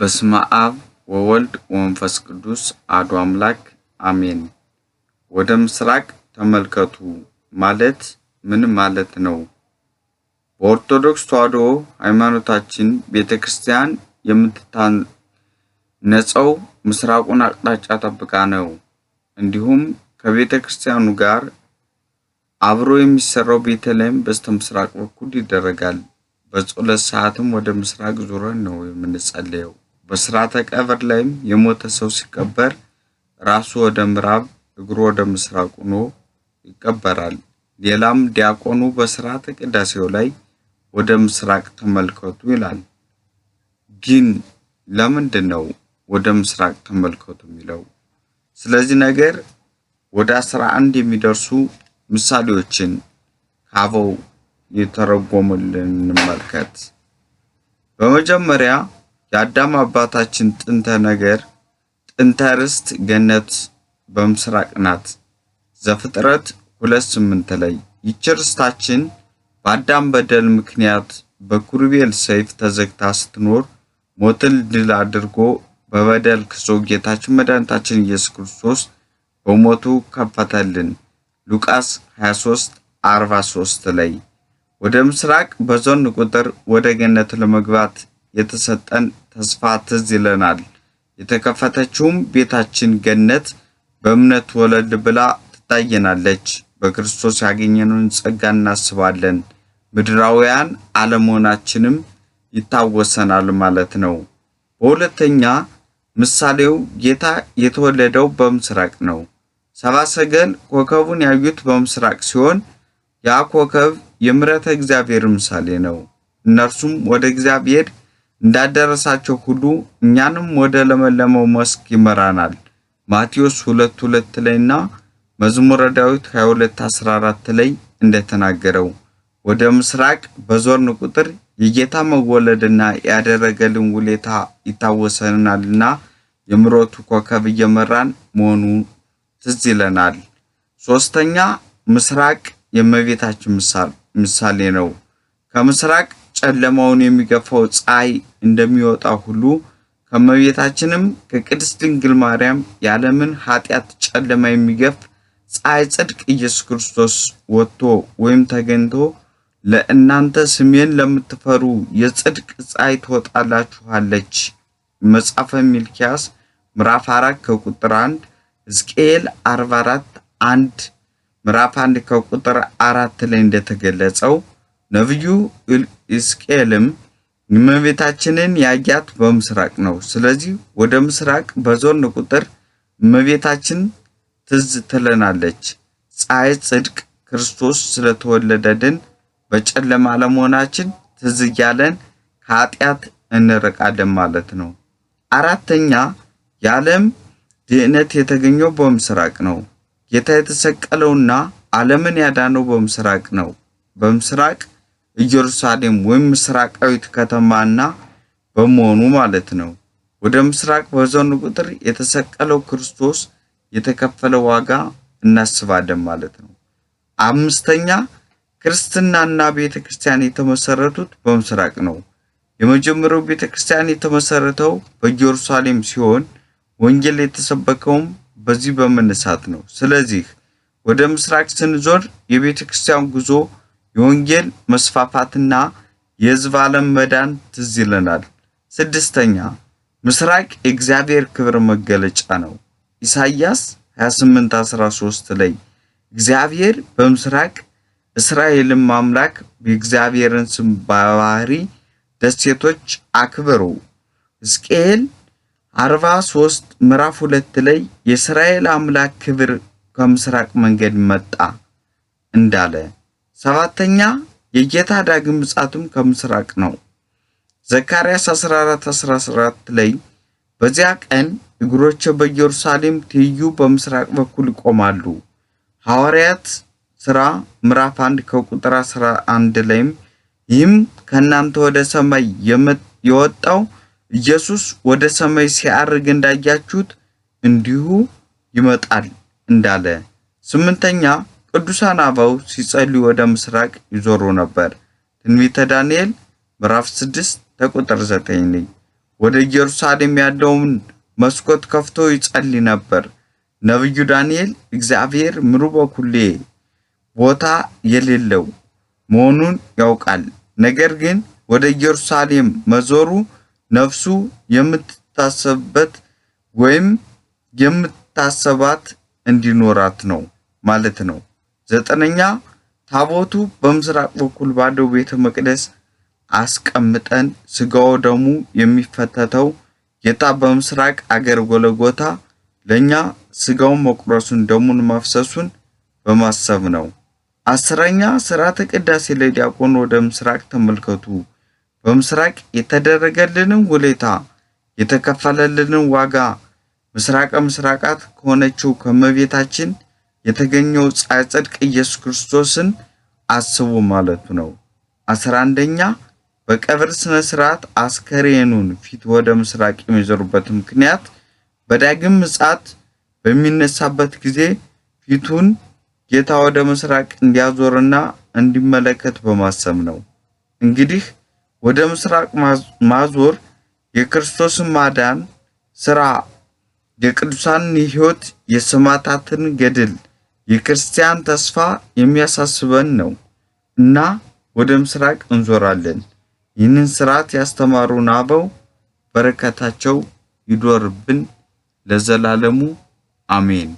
በስመ አብ ወወልድ ወመንፈስ ቅዱስ አሐዱ አምላክ አሜን። ወደ ምስራቅ ተመልከቱ ማለት ምን ማለት ነው? በኦርቶዶክስ ተዋሕዶ ሃይማኖታችን ቤተ ክርስቲያን የምትታነጸው ምስራቁን አቅጣጫ ጠብቃ ነው። እንዲሁም ከቤተ ክርስቲያኑ ጋር አብሮ የሚሰራው ቤተልሔም በስተ ምስራቅ በኩል ይደረጋል። በጸሎት ሰዓትም ወደ ምስራቅ ዙረን ነው የምንጸለየው። በስርዓተ ቀብር ላይም የሞተ ሰው ሲቀበር ራሱ ወደ ምዕራብ እግሩ ወደ ምስራቅ ሆኖ ይቀበራል። ሌላም ዲያቆኑ በስርዓተ ቅዳሴው ላይ ወደ ምስራቅ ተመልከቱ ይላል። ግን ለምንድን ነው ወደ ምስራቅ ተመልከቱ የሚለው? ስለዚህ ነገር ወደ አስራ አንድ የሚደርሱ ምሳሌዎችን ከአበው የተረጎሙልን እንመልከት። በመጀመሪያ የአዳም አባታችን ጥንተ ነገር ጥንተ ርስት ገነት በምስራቅ ናት። ዘፍጥረት ሁለት ስምንት ላይ ይች ርስታችን በአዳም በደል ምክንያት በኩርቤል ሰይፍ ተዘግታ ስትኖር ሞትን ድል አድርጎ በበደል ክሶ ጌታችን መድኃኒታችን ኢየሱስ ክርስቶስ በሞቱ ከፈተልን። ሉቃስ 23 43 ላይ ወደ ምስራቅ በዞን ቁጥር ወደ ገነት ለመግባት የተሰጠን ተስፋ ትዝ ይለናል። የተከፈተችውም ቤታችን ገነት በእምነት ወለል ብላ ትታየናለች። በክርስቶስ ያገኘነውን ጸጋ እናስባለን፣ ምድራውያን አለመሆናችንም ይታወሰናል ማለት ነው። በሁለተኛ ምሳሌው ጌታ የተወለደው በምስራቅ ነው። ሰባሰገል ሰገል ኮከቡን ያዩት በምስራቅ ሲሆን ያ ኮከብ የምሕረተ እግዚአብሔር ምሳሌ ነው። እነርሱም ወደ እግዚአብሔር እንዳደረሳቸው ሁሉ እኛንም ወደ ለመለመው መስክ ይመራናል። ማቴዎስ 2:2 ላይና መዝሙረ ዳዊት 22:14 ላይ እንደተናገረው ወደ ምስራቅ በዞርን ቁጥር የጌታ መወለድና ያደረገልን ውለታ ይታወሰናልና የምሮቱ ኮከብ እየመራን መሆኑ ትዝ ይለናል። ሶስተኛ ምስራቅ የእመቤታችን ምሳሌ ነው። ከምስራቅ ጨለማውን የሚገፋው ፀሐይ እንደሚወጣ ሁሉ ከመቤታችንም ከቅድስት ድንግል ማርያም የዓለምን ኃጢአት ጨለማ የሚገፍ ፀሐይ ጽድቅ ኢየሱስ ክርስቶስ ወጥቶ ወይም ተገኝቶ ለእናንተ ስሜን ለምትፈሩ የጽድቅ ፀሐይ ትወጣላችኋለች። መጽሐፈ ሚልኪያስ ምዕራፍ 4 ከቁጥር 1፣ ሕዝቅኤል 44 1 ምዕራፍ 1 ከቁጥር አራት ላይ እንደተገለጸው ነቢዩ ሕዝቅኤልም እመቤታችንን ያያት በምስራቅ ነው። ስለዚህ ወደ ምስራቅ በዞን ቁጥር እመቤታችን ትዝ ትለናለች። ፀሐይ ጽድቅ ክርስቶስ ስለተወለደልን በጨለማ ለመሆናችን ትዝ እያለን ከኃጢአት እንረቃለን ማለት ነው። አራተኛ የዓለም ድህነት የተገኘው በምስራቅ ነው። ጌታ የተሰቀለውና ዓለምን ያዳነው በምስራቅ ነው። በምስራቅ ኢየሩሳሌም ወይም ምስራቃዊት ከተማና በመሆኑ ማለት ነው። ወደ ምስራቅ በዞን ቁጥር የተሰቀለው ክርስቶስ የተከፈለ ዋጋ እናስባለን ማለት ነው። አምስተኛ ክርስትናና ቤተ ክርስቲያን የተመሰረቱት በምስራቅ ነው። የመጀመሪያው ቤተ ክርስቲያን የተመሰረተው በኢየሩሳሌም ሲሆን ወንጌል የተሰበከውም በዚህ በመነሳት ነው። ስለዚህ ወደ ምስራቅ ስንዞር የቤተ ክርስቲያን ጉዞ የወንጌል መስፋፋትና የሕዝብ ዓለም መዳን ትዝ ይለናል። ስድስተኛ ምስራቅ የእግዚአብሔር ክብር መገለጫ ነው። ኢሳይያስ 28:13 ላይ እግዚአብሔር በምስራቅ እስራኤልን አምላክ የእግዚአብሔርን ስም በባህሪ ደሴቶች አክብሩ። ሕዝቅኤል 43 ምዕራፍ 2 ላይ የእስራኤል አምላክ ክብር ከምስራቅ መንገድ መጣ እንዳለ ሰባተኛ የጌታ ዳግም ምጻቱም ከምስራቅ ነው። ዘካርያስ 14 14 ላይ በዚያ ቀን እግሮች በኢየሩሳሌም ትይዩ በምስራቅ በኩል ይቆማሉ። ሐዋርያት ሥራ ምዕራፍ 1 ከቁጥር 11 ላይም ይህም ከእናንተ ወደ ሰማይ የወጣው ኢየሱስ ወደ ሰማይ ሲያርግ እንዳያችሁት እንዲሁ ይመጣል እንዳለ። ስምንተኛ ቅዱሳን አበው ሲጸልዩ ወደ ምስራቅ ይዞሩ ነበር። ትንቢተ ዳንኤል ምዕራፍ 6 ተቁጥር 9 ወደ ኢየሩሳሌም ያለውን መስኮት ከፍቶ ይጸልይ ነበር። ነቢዩ ዳንኤል እግዚአብሔር ምሩ በኩሌ ቦታ የሌለው መሆኑን ያውቃል። ነገር ግን ወደ ኢየሩሳሌም መዞሩ ነፍሱ የምትታሰብበት ወይም የምታሰባት እንዲኖራት ነው ማለት ነው። ዘጠነኛ ታቦቱ በምስራቅ በኩል ባለው ቤተ መቅደስ አስቀምጠን ስጋው ደሙ የሚፈተተው ጌታ በምስራቅ አገር ጎለጎታ ለእኛ ስጋውን መቁረሱን ደሙን ማፍሰሱን በማሰብ ነው። አስረኛ ስርዓተ ቅዳሴ ለዲያቆን ወደ ምስራቅ ተመልከቱ። በምስራቅ የተደረገልንን ውለታ የተከፈለልንን ዋጋ ምስራቀ ምስራቃት ከሆነችው ከመቤታችን የተገኘው ጽድቅ ኢየሱስ ክርስቶስን አስቡ ማለቱ ነው። አስራ አንደኛ በቀብር ስነ ስርዓት አስከሬኑን ፊት ወደ ምስራቅ የሚዞሩበት ምክንያት በዳግም ምጽአት በሚነሳበት ጊዜ ፊቱን ጌታ ወደ ምስራቅ እንዲያዞርና እንዲመለከት በማሰብ ነው። እንግዲህ ወደ ምስራቅ ማዞር የክርስቶስን ማዳን ስራ፣ የቅዱሳንን ሕይወት፣ የሰማዕታትን ገድል የክርስቲያን ተስፋ የሚያሳስበን ነው እና ወደ ምስራቅ እንዞራለን። ይህንን ስርዓት ያስተማሩን አበው በረከታቸው ይዶርብን ለዘላለሙ አሜን።